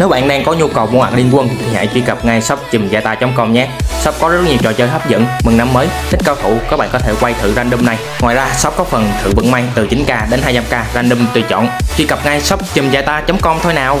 Nếu bạn đang có nhu cầu mua hàng liên quân thì hãy truy cập ngay shop chùm com nhé. Shop có rất nhiều trò chơi hấp dẫn, mừng năm mới, thích cao thủ các bạn có thể quay thử random này. Ngoài ra shop có phần thử vận may từ 9k đến 200k random tùy chọn. Truy cập ngay shop chùm com thôi nào.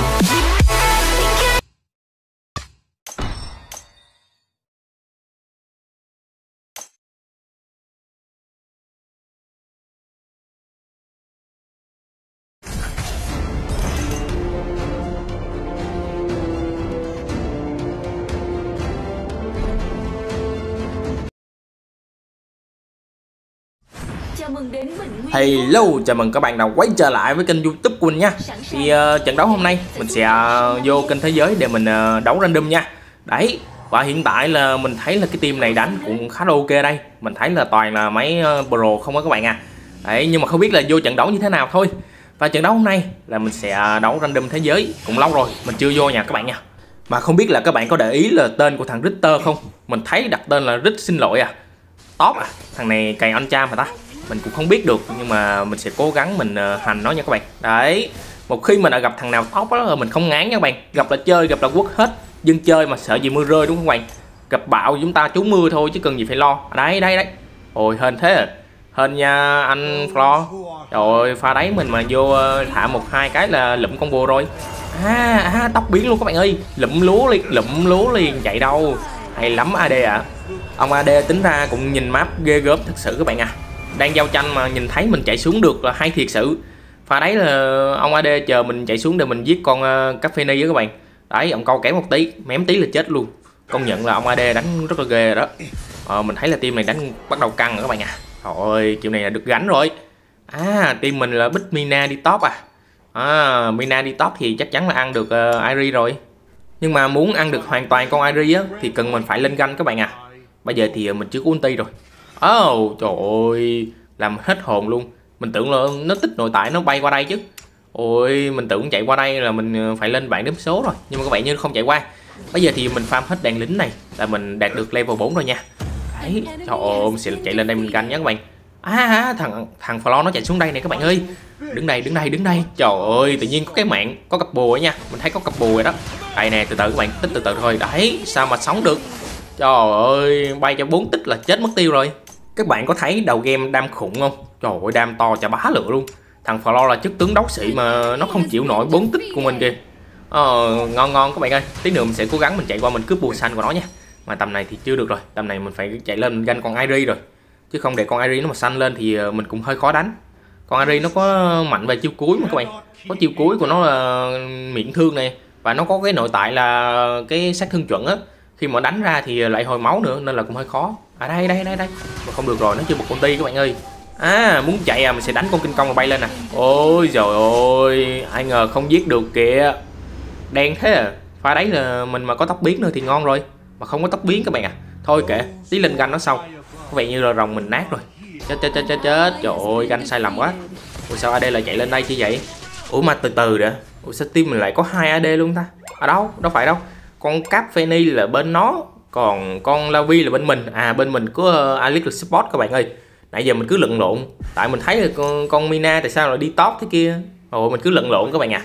Hello, chào mừng các bạn đã quay trở lại với kênh youtube của mình nha Thì uh, trận đấu hôm nay mình sẽ uh, vô kênh thế giới để mình uh, đấu random nha Đấy, và hiện tại là mình thấy là cái team này đánh cũng khá là ok đây Mình thấy là toàn là mấy uh, pro không á các bạn à Đấy, nhưng mà không biết là vô trận đấu như thế nào thôi Và trận đấu hôm nay là mình sẽ đấu random thế giới Cũng lâu rồi, mình chưa vô nha các bạn nha Mà không biết là các bạn có để ý là tên của thằng Richter không Mình thấy đặt tên là Rich xin lỗi à Top à, thằng này cày anh cha mà ta mình cũng không biết được nhưng mà mình sẽ cố gắng mình ờ, hành nó nha các bạn đấy một khi mình đã gặp thằng nào tóc đó là mình không ngán nha các bạn gặp là chơi gặp là quất hết dân chơi mà sợ gì mưa rơi đúng không bạn gặp bão chúng ta trú mưa thôi chứ cần gì phải lo đấy đấy đấy ôi hên thế à hên nha anh flo rồi pha đấy mình mà vô ờ, thả một hai cái là lụm con combo rồi à, à tóc biến luôn các bạn ơi lụm lúa liền lụm lúa liền chạy đâu hay lắm ad ạ à. ông ad tính ra cũng nhìn map ghê gớm thật sự các bạn à đang giao tranh mà nhìn thấy mình chạy xuống được là hay thiệt sự pha đấy là ông AD chờ mình chạy xuống để mình giết con uh, ờ, Caffeini đó các bạn đấy ông câu kém một tí mém tí là chết luôn công nhận là ông AD đánh rất là ghê rồi đó ờ, mình thấy là team này đánh bắt đầu căng rồi các bạn à trời ơi kiểu này là được gánh rồi à team mình là bích Mina đi top à à Mina đi top thì chắc chắn là ăn được uh, ờ, Airi rồi nhưng mà muốn ăn được hoàn toàn con Airi á thì cần mình phải lên ganh các bạn à bây giờ thì ờ, mình chưa có ulti rồi oh, trời ơi làm hết hồn luôn mình tưởng là nó tích nội tại nó bay qua đây chứ ôi mình tưởng chạy qua đây là mình ờ, phải lên bảng đếm số rồi nhưng mà các bạn như không chạy qua bây giờ thì mình farm hết đàn lính này là mình đạt được level 4 rồi nha đấy trời ơi mình sẽ chạy lên đây mình canh nhé các bạn à thằng thằng Flo nó chạy xuống đây nè các bạn ơi đứng đây đứng đây đứng đây trời ơi tự nhiên có cái mạng có cặp bùa nha mình thấy có cặp bùa rồi đó đây nè từ từ các bạn tích từ từ thôi đấy sao mà sống được trời ơi bay cho 4 tích là chết mất tiêu rồi các bạn có thấy đầu game đam khủng không? Trời ơi đam to chả bá lửa luôn Thằng Flo là chức tướng đấu sĩ mà nó không chịu nổi bốn tích của mình kìa Ờ ngon ngon các bạn ơi Tí nữa mình sẽ cố gắng mình chạy qua mình cướp bùa xanh của nó nha Mà tầm này thì chưa được rồi Tầm này mình phải chạy lên ganh con Airi rồi Chứ không để con Airi nó mà xanh lên thì ờ, mình cũng hơi khó đánh Con Airi nó có mạnh về chiêu cuối mà các bạn Có chiêu cuối của nó là miễn thương này Và nó có cái nội tại là cái sát thương chuẩn á Khi mà đánh ra thì lại hồi máu nữa nên là cũng hơi khó ở à, đây đây đây đây mà không được rồi nó chưa một con ti các bạn ơi à muốn chạy à mình sẽ đánh con kinh công mà bay lên nè à. ôi rồi ơi ai ngờ không giết được kìa đen thế à pha đấy là mình mà có tóc biến nữa thì ngon rồi mà không có tóc biến các bạn à thôi kệ tí lên ganh nó xong có vẻ như là rồng mình nát rồi chết chết chết chết chết trời ơi ganh sai lầm quá ủa sao ad lại chạy lên đây chứ vậy ủa mà từ từ đã ủa sao team mình lại có hai ad luôn ta ở à, đâu đâu phải đâu con cáp Fanny là bên nó còn con Lavi là bên mình à bên mình có uh, Alex support các bạn ơi nãy giờ mình cứ lận lộn tại mình thấy là con, con Mina tại sao lại đi top thế kia rồi mình cứ lận lộn các bạn à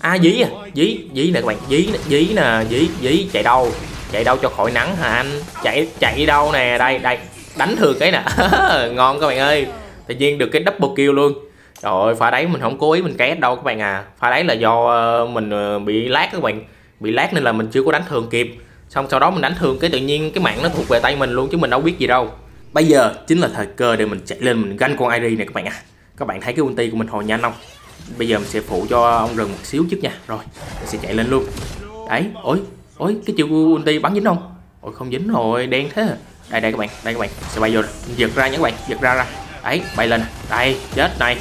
à dí à dí dí nè các bạn dí dí nè dí dí chạy đâu chạy đâu cho khỏi nắng hả anh chạy chạy đâu nè đây đây đánh thường cái nè ngon các bạn ơi tự nhiên được cái double kill luôn rồi pha đấy mình không cố ý mình két đâu các bạn à pha đấy là do ờ, mình ờ, bị lát các bạn bị lát nên là mình chưa có đánh thường kịp xong sau đó mình đánh thường cái tự nhiên cái mạng nó thuộc về tay mình luôn chứ mình đâu biết gì đâu bây giờ chính là thời cơ để mình chạy lên mình ganh con ID này các bạn ạ à. các bạn thấy cái ulti của mình hồi nhanh không bây giờ mình sẽ phụ cho ông rừng một xíu trước nha rồi mình sẽ chạy lên luôn đấy ôi ôi cái chiều ulti bắn dính không ôi không dính rồi đen thế đây đây các bạn đây các bạn sẽ bay vô rồi giật ra nha các bạn giật ra ra đấy bay lên đây chết này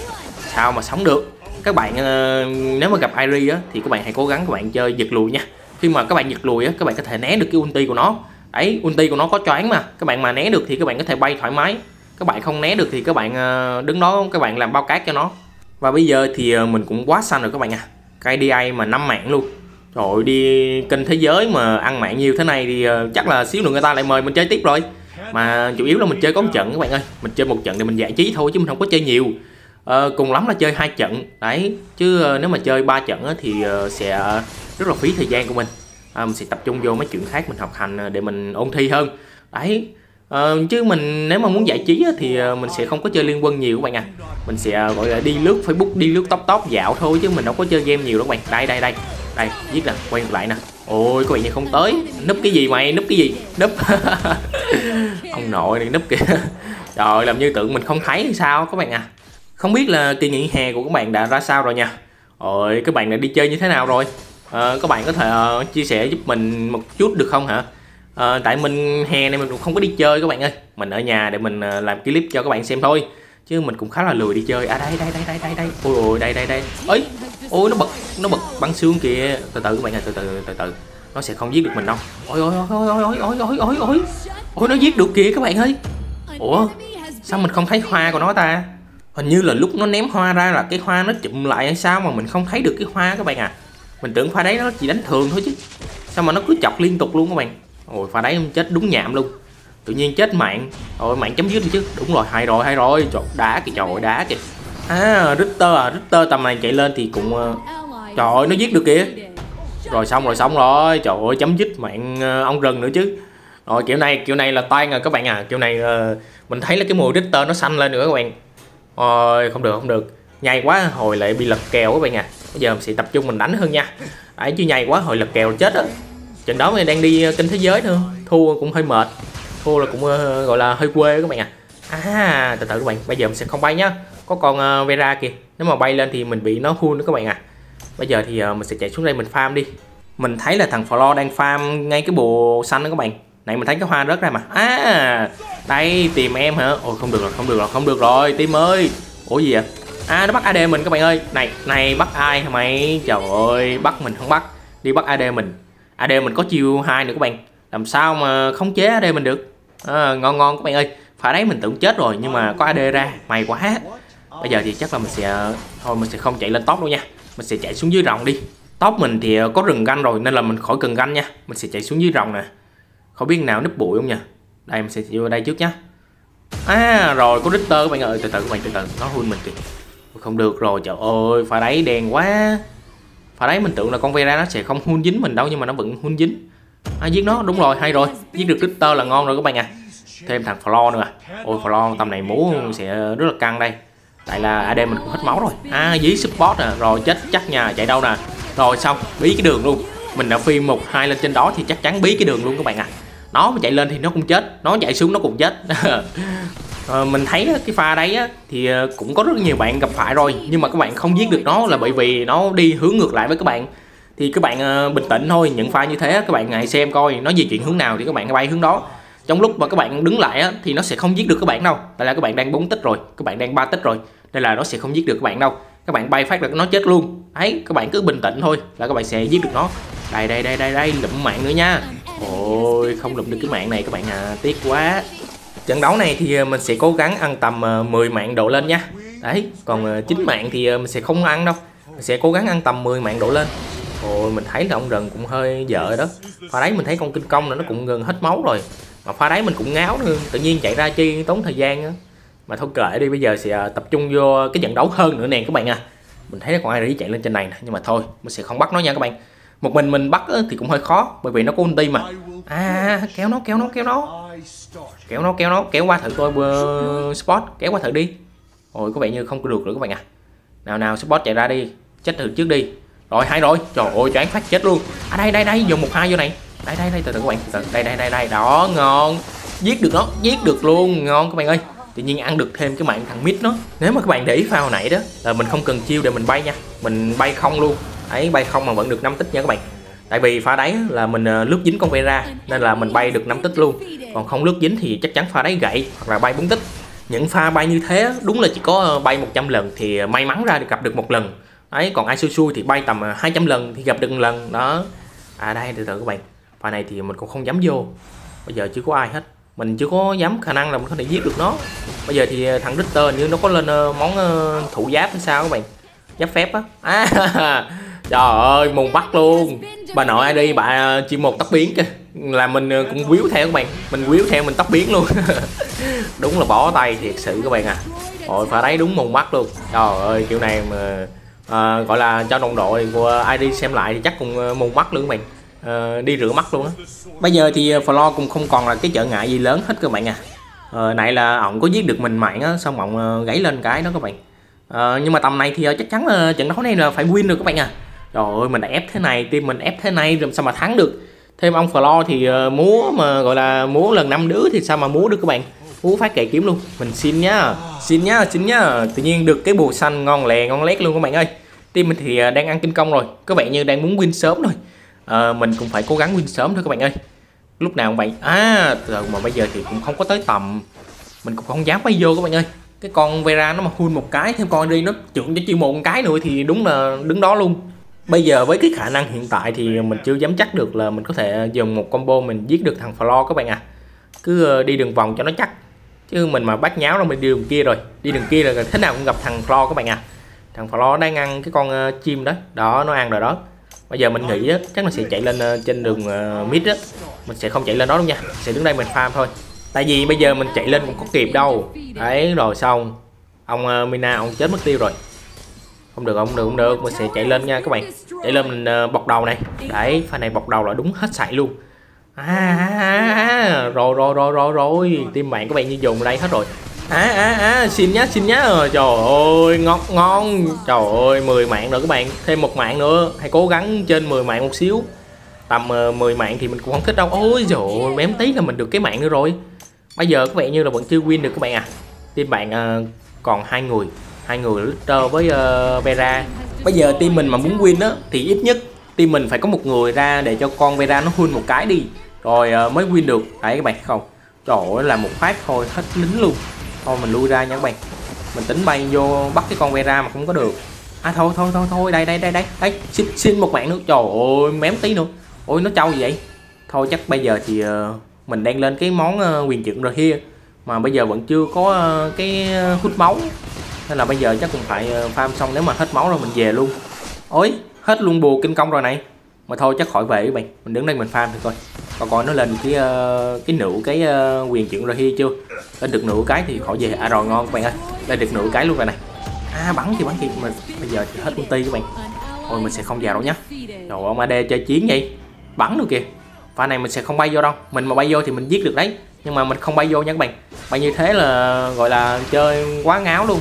sao mà sống được các bạn ờ, nếu mà gặp Iri á thì các bạn hãy cố gắng các bạn chơi giật lùi nha khi mà các bạn giật lùi á các bạn có thể né được cái ulti của nó ấy ulti của nó có choáng mà các bạn mà né được thì các bạn có thể bay thoải mái các bạn không né được thì các bạn ờ, đứng đó các bạn làm bao cát cho nó và bây giờ thì ờ, mình cũng quá xanh rồi các bạn à cái DI mà năm mạng luôn Trời ơi, đi kênh thế giới mà ăn mạng nhiều thế này thì ờ, chắc là xíu nữa người ta lại mời mình chơi tiếp rồi Mà chủ yếu là mình chơi có một trận các bạn ơi Mình chơi một trận thì mình giải trí thôi chứ mình không có chơi nhiều à, Cùng lắm là chơi hai trận Đấy, chứ nếu mà chơi ba trận thì sẽ rất là phí thời gian của mình à, mình sẽ tập trung vô mấy chuyện khác mình học hành à, để mình ôn thi hơn đấy à, chứ mình nếu mà muốn giải trí thì à, mình sẽ không có chơi liên quân nhiều các bạn à mình sẽ à, gọi là đi lướt facebook đi lướt tóc tóc dạo thôi chứ mình đâu có chơi game nhiều đâu các bạn đây đây đây đây viết nè quay lại nè ôi các bạn như không tới núp cái gì mày núp cái gì núp ông nội này núp kìa trời làm như tưởng mình không thấy hay sao các bạn à không biết là kỳ nghỉ hè của các bạn đã ra sao rồi nha ôi các bạn đã đi chơi như thế nào rồi à, ờ, các bạn có thể uh, chia sẻ giúp mình một chút được không hả à, tại mình hè này mình cũng không có đi chơi các bạn ơi mình ở nhà để mình uh, làm clip cho các bạn xem thôi chứ mình cũng khá là lười đi chơi à đây đây đây đây đây đây ôi ôi đây đây đây ấy ôi nó bật nó bật bắn xương kìa từ từ các bạn ơi từ từ từ từ nó sẽ không giết được mình đâu ôi ôi ôi ôi ôi ôi ôi ôi ôi ôi nó giết được kìa các bạn ơi ủa sao mình không thấy hoa của nó ta hình như là lúc nó ném hoa ra là cái hoa nó chụm lại hay sao mà mình không thấy được cái hoa các bạn à mình tưởng pha đấy nó chỉ đánh thường thôi chứ sao mà nó cứ chọc liên tục luôn các bạn ôi pha đấy chết đúng nhảm luôn tự nhiên chết mạng rồi mạng chấm dứt đi chứ đúng rồi hay rồi hay rồi trời đá kìa trời đá kìa à Richter à Richter tầm này chạy lên thì cũng ờ, trời ơi nó giết được kìa rồi xong rồi xong rồi trời ơi chấm dứt mạng ờ, ông rừng nữa chứ rồi kiểu này kiểu này là toan rồi các bạn à kiểu này ờ, mình thấy là cái mùi Richter nó xanh lên nữa các bạn rồi không được không được nhai quá hồi lại bị lật kèo các bạn à bây giờ mình sẽ tập trung mình đánh hơn nha đấy chứ nhầy quá hồi lật kèo là chết á trận đó mình đang đi ờ, kinh thế giới nữa thua cũng hơi mệt thua là cũng uh, gọi là hơi quê các bạn ạ à. à từ từ các bạn bây giờ mình sẽ không bay nhá có con uh, Vera kìa nếu mà bay lên thì mình bị nó full nữa các bạn ạ à. bây giờ thì uh, mình sẽ chạy xuống đây mình farm đi mình thấy là thằng Flo đang farm ngay cái bồ xanh đó các bạn nãy mình thấy cái hoa rớt ra mà à đây tìm em hả ôi không được rồi không được rồi không được rồi tim ơi ủa gì vậy À nó bắt AD mình các bạn ơi Này, này bắt ai hả mày Trời ơi, bắt mình không bắt Đi bắt AD mình AD mình có chiêu hai nữa các bạn Làm sao mà khống chế AD mình được à, Ngon ngon các bạn ơi Phải đấy mình tưởng chết rồi nhưng mà có AD ra Mày quá Bây giờ thì chắc là mình sẽ Thôi mình sẽ không chạy lên top đâu nha Mình sẽ chạy xuống dưới rồng đi Top mình thì có rừng ganh rồi nên là mình khỏi cần ganh nha Mình sẽ chạy xuống dưới rồng nè Không biết nào nấp bụi không nha Đây mình sẽ vô đây trước nhá À rồi có Richter các bạn ơi Từ từ các bạn từ từ nó hôn mình kìa không được rồi trời ơi pha đáy đèn quá pha đáy mình tưởng là con Vera nó sẽ không hun dính mình đâu nhưng mà nó vẫn hun dính à, giết nó đúng rồi hay rồi giết được Richter là ngon rồi các bạn à thêm thằng Flo nữa à. ôi Flo tầm này mũ sẽ rất là căng đây tại là AD mình cũng hết máu rồi à dí support à rồi chết chắc nhà chạy đâu nè rồi xong bí cái đường luôn mình đã phi một hai lên trên đó thì chắc chắn bí cái đường luôn các bạn à nó mà chạy lên thì nó cũng chết nó chạy xuống nó cũng chết à, mình thấy cái pha đấy á, thì cũng có rất nhiều bạn gặp phải rồi nhưng mà các bạn không giết được nó là bởi vì nó đi hướng ngược lại với các bạn thì các bạn bình tĩnh thôi những pha như thế các bạn hãy xem coi nó di chuyển hướng nào thì các bạn bay hướng đó trong lúc mà các bạn đứng lại á, thì nó sẽ không giết được các bạn đâu tại là các bạn đang bốn tích rồi các bạn đang ba tích rồi đây là nó sẽ không giết được các bạn đâu các bạn bay phát được nó chết luôn ấy các bạn cứ bình tĩnh thôi là các bạn sẽ giết được nó đây đây đây đây đây lụm mạng nữa nha ôi không lụm được cái mạng này các bạn à tiếc quá trận đấu này thì ờ, mình sẽ cố gắng ăn tầm 10 ờ, mạng độ lên nha đấy còn 9 ờ, mạng thì mình sẽ không ăn đâu mình sẽ cố gắng ăn tầm 10 mạng độ lên Ôi mình thấy là ông rừng cũng hơi dở đó Pha đấy mình thấy con kinh công là nó cũng gần hết máu rồi Mà pha đấy mình cũng ngáo nữa Tự nhiên chạy ra chi tốn thời gian á Mà thôi kệ đi bây giờ sẽ tập trung vô cái trận đấu hơn nữa nè các bạn à Mình thấy còn ai đi chạy lên trên này nè Nhưng mà thôi mình sẽ không bắt nó nha các bạn Một mình mình bắt thì cũng hơi khó Bởi vì nó có ulti mà À kéo nó kéo nó kéo nó kéo nó kéo nó kéo qua thử tôi uh, spot kéo qua thử đi ôi có vẻ như không được nữa các bạn ạ à. nào nào spot chạy ra đi chết thử trước đi rồi hay rồi trời ơi choáng phát chết luôn à đây đây đây dùng một hai vô này đây đây đây từ từ các bạn từ đây đây đây đây đó ngon giết được nó giết được luôn ngon các bạn ơi tự nhiên ăn được thêm cái mạng thằng mít nó nếu mà các bạn để ý pha hồi nãy đó là mình không cần chiêu để mình bay nha mình bay không luôn ấy bay không mà vẫn được năm tích nha các bạn tại vì pha đáy là mình ờ, lướt dính con ve ra nên là mình bay được 5 tích luôn còn không lướt dính thì chắc chắn pha đáy gậy hoặc là bay 4 tích những pha bay như thế đúng là chỉ có ờ, bay 100 lần thì ờ, may mắn ra được gặp được một lần ấy còn ai xui xui thì bay tầm 200 lần thì gặp được một lần đó à đây từ từ các bạn pha này thì mình cũng không dám vô bây giờ chưa có ai hết mình chưa có dám khả năng là mình có thể giết được nó bây giờ thì thằng Richter như nó có lên món thủ giáp hay sao các bạn giáp phép á à, trời ơi mùng bắt luôn bà nội ai đi bà ờ, chỉ một tóc biến kìa là mình ờ, cũng quýu theo các bạn mình quýu theo mình tóc biến luôn đúng là bỏ tay thiệt sự các bạn à ôi phải đấy đúng mùng mắt luôn trời ơi kiểu này mà à, gọi là cho đồng đội của ai đi xem lại thì chắc cũng mùng mắt luôn các bạn à, đi rửa mắt luôn á bây giờ thì Flo cũng không còn là cái trở ngại gì lớn hết các bạn à, à này là ổng có giết được mình mạng á xong ổng gãy lên cái đó các bạn à, nhưng mà tầm này thì chắc chắn trận đấu này là phải win được các bạn à trời ơi mình ép thế này team mình ép thế này rồi sao mà thắng được thêm ông Flo thì uh, múa mà gọi là múa lần năm đứa thì sao mà múa được các bạn múa phát kệ kiếm luôn mình xin nhá xin nhá xin nhá tự nhiên được cái bùa xanh ngon lè ngon lét luôn các bạn ơi team mình thì uh, đang ăn kinh công rồi các bạn như đang muốn win sớm rồi uh, ờ, mình cũng phải cố gắng win sớm thôi các bạn ơi lúc nào cũng vậy à rồi mà bây giờ thì cũng không có tới tầm mình cũng không dám quay vô các bạn ơi cái con Vera nó mà hun một cái thêm con đi nó trưởng cho chuyên một cái nữa thì đúng là đứng đó luôn bây giờ với cái khả năng hiện tại thì mình chưa dám chắc được là mình có thể dùng một combo mình giết được thằng Flo các bạn ạ à. cứ ờ, đi đường vòng cho nó chắc chứ mình mà bắt nháo là mình đi đường kia rồi đi đường kia là thế nào cũng gặp thằng Flo các bạn ạ à. thằng Flo đang ăn cái con ờ, chim đó đó nó ăn rồi đó bây giờ mình nghĩ á, chắc nó sẽ chạy lên ờ, trên đường mid á mình sẽ không chạy lên đó đâu nha sẽ đứng đây mình farm thôi tại vì bây giờ mình chạy lên cũng có kịp đâu đấy rồi xong ông uh, Mina ông chết mất tiêu rồi không được không được không được mình sẽ chạy lên nha các bạn chạy lên mình ờ, bọc đầu này đấy pha này bọc đầu là đúng hết sảy luôn à, à, à, à, à. rồi rồi rồi rồi rồi tim mạng các bạn như dùng đây hết rồi à à à xin nhá xin nhá trời ơi ngọt ngon trời ơi 10 mạng rồi các bạn thêm một mạng nữa hãy cố gắng trên 10 mạng một xíu tầm 10 ờ, mạng thì mình cũng không thích đâu ôi rồi bém tí là mình được cái mạng nữa rồi bây giờ các bạn như là vẫn chưa win được các bạn à team bạn ờ, còn hai người hai người Richter với uh, Vera bây giờ team mình mà muốn win á thì ít nhất team mình phải có một người ra để cho con Vera nó hun một cái đi rồi uh, mới win được đấy các bạn không trời ơi là một phát thôi hết lính luôn thôi mình lui ra nha các bạn mình tính bay vô bắt cái con Vera mà không có được à thôi thôi thôi thôi đây đây đây đây đấy xin xin một bạn nữa trời ơi mém tí nữa ôi nó trâu gì vậy thôi chắc bây giờ thì uh, mình đang lên cái món uh, quyền trưởng rồi kia mà bây giờ vẫn chưa có uh, cái hút máu nên là bây giờ chắc cũng phải ờ, farm xong nếu mà hết máu rồi mình về luôn ối hết luôn bùa kinh công rồi này mà thôi chắc khỏi về các bạn mình đứng đây mình farm thì coi còn coi nó lên cái uh, cái nụ cái uh, quyền chuyện rồi hi chưa lên được nửa cái thì khỏi về à rồi ngon các bạn ơi lên được nửa cái luôn rồi này à bắn thì bắn kịp mà bây giờ thì hết ulti các bạn thôi mình sẽ không vào đâu nhá rồi ông ad chơi chiến vậy bắn được kìa pha này mình sẽ không bay vô đâu mình mà bay vô thì mình giết được đấy nhưng mà mình không bay vô nha các bạn bay như thế là gọi là chơi quá ngáo luôn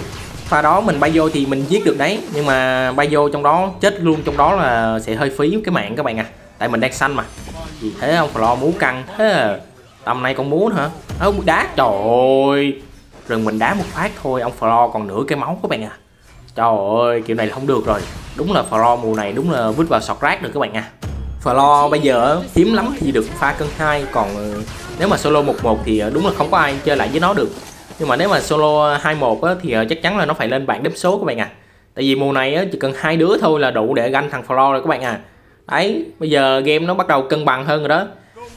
pha đó mình bay vô thì mình giết được đấy nhưng mà bay vô trong đó chết luôn trong đó là sẽ hơi phí cái mạng các bạn à tại mình đang xanh mà vì thế ông lo muốn căng thế à. tầm này con muốn hả ông à, đá trời ơi rồi mình đá một phát thôi ông Flo còn nửa cái máu các bạn à trời ơi kiểu này là không được rồi đúng là Flo mùa này đúng là vứt vào sọt rác được các bạn à Flo bây giờ hiếm lắm thì được pha cân hai còn nếu mà solo 1-1 thì đúng là không có ai chơi lại với nó được nhưng mà nếu mà solo 21 á, thì ờ, chắc chắn là nó phải lên bảng đếm số các bạn ạ à. tại vì mùa này chỉ cần hai đứa thôi là đủ để ganh thằng Flo rồi các bạn à đấy bây giờ game nó bắt đầu cân bằng hơn rồi đó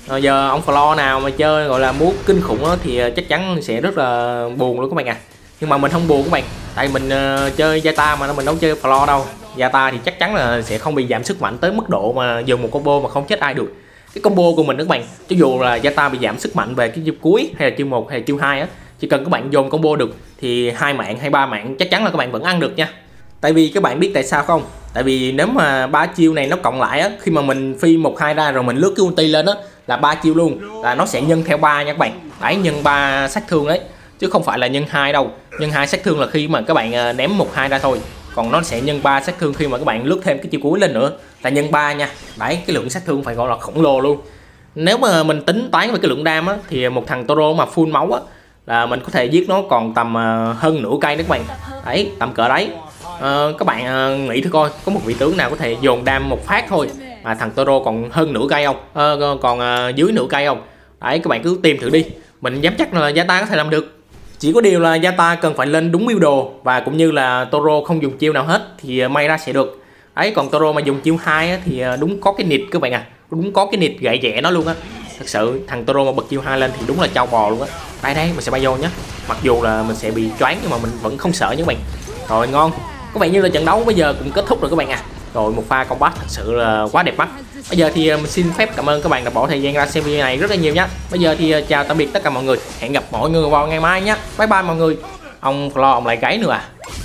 rồi giờ ông Flo nào mà chơi gọi là muốn kinh khủng thì ờ, chắc chắn sẽ rất là buồn luôn các bạn ạ à. nhưng mà mình không buồn các bạn tại mình ờ, chơi gia ta mà mình đâu chơi Flo đâu gia ta thì chắc chắn là sẽ không bị giảm sức mạnh tới mức độ mà dùng một combo mà không chết ai được cái combo của mình đó các bạn cho dù là gia ta bị giảm sức mạnh về cái chiêu cuối hay là chiêu một hay là chiêu hai á chỉ cần các bạn dồn combo được thì hai mạng hay ba mạng chắc chắn là các bạn vẫn ăn được nha tại vì các bạn biết tại sao không tại vì nếu mà ba chiêu này nó cộng lại á khi mà mình phi một hai ra rồi mình lướt cái ulti lên á là ba chiêu luôn là nó sẽ nhân theo ba nha các bạn đấy nhân ba sát thương đấy chứ không phải là nhân hai đâu nhân hai sát thương là khi mà các bạn ờ, ném một hai ra thôi còn nó sẽ nhân ba sát thương khi mà các bạn lướt thêm cái chiêu cuối lên nữa là nhân ba nha đấy cái lượng sát thương phải gọi là khổng lồ luôn nếu mà mình tính toán về cái lượng đam á thì một thằng Toro mà full máu á là mình có thể giết nó còn tầm ờ, hơn nửa cây đấy các bạn đấy tầm cỡ đấy à, các bạn ờ, nghĩ thử coi có một vị tướng nào có thể dồn đam một phát thôi mà thằng Toro còn hơn nửa cây không à, còn dưới nửa cây không đấy các bạn cứ tìm thử đi mình dám chắc là gia ta có thể làm được chỉ có điều là gia ta cần phải lên đúng mưu đồ và cũng như là Toro không dùng chiêu nào hết thì may ra sẽ được ấy còn Toro mà dùng chiêu hai thì đúng có cái nịt các bạn à đúng có cái nịt gậy rẽ nó luôn á thật sự thằng Toro mà bật chiêu hai lên thì đúng là trao bò luôn á đây đây mình sẽ bay vô nhé mặc dù là mình sẽ bị choáng nhưng mà mình vẫn không sợ nhé các bạn rồi ngon có vẻ như là trận đấu bây giờ cũng kết thúc rồi các bạn à rồi một pha combat thật sự là quá đẹp mắt bây giờ thì ờ, mình xin phép cảm ơn các bạn đã bỏ thời gian ra xem video này rất là nhiều nhé bây giờ thì ờ, chào tạm biệt tất cả mọi người hẹn gặp mọi người vào ngày mai nhé bye bye mọi người ông lo ông lại gáy nữa à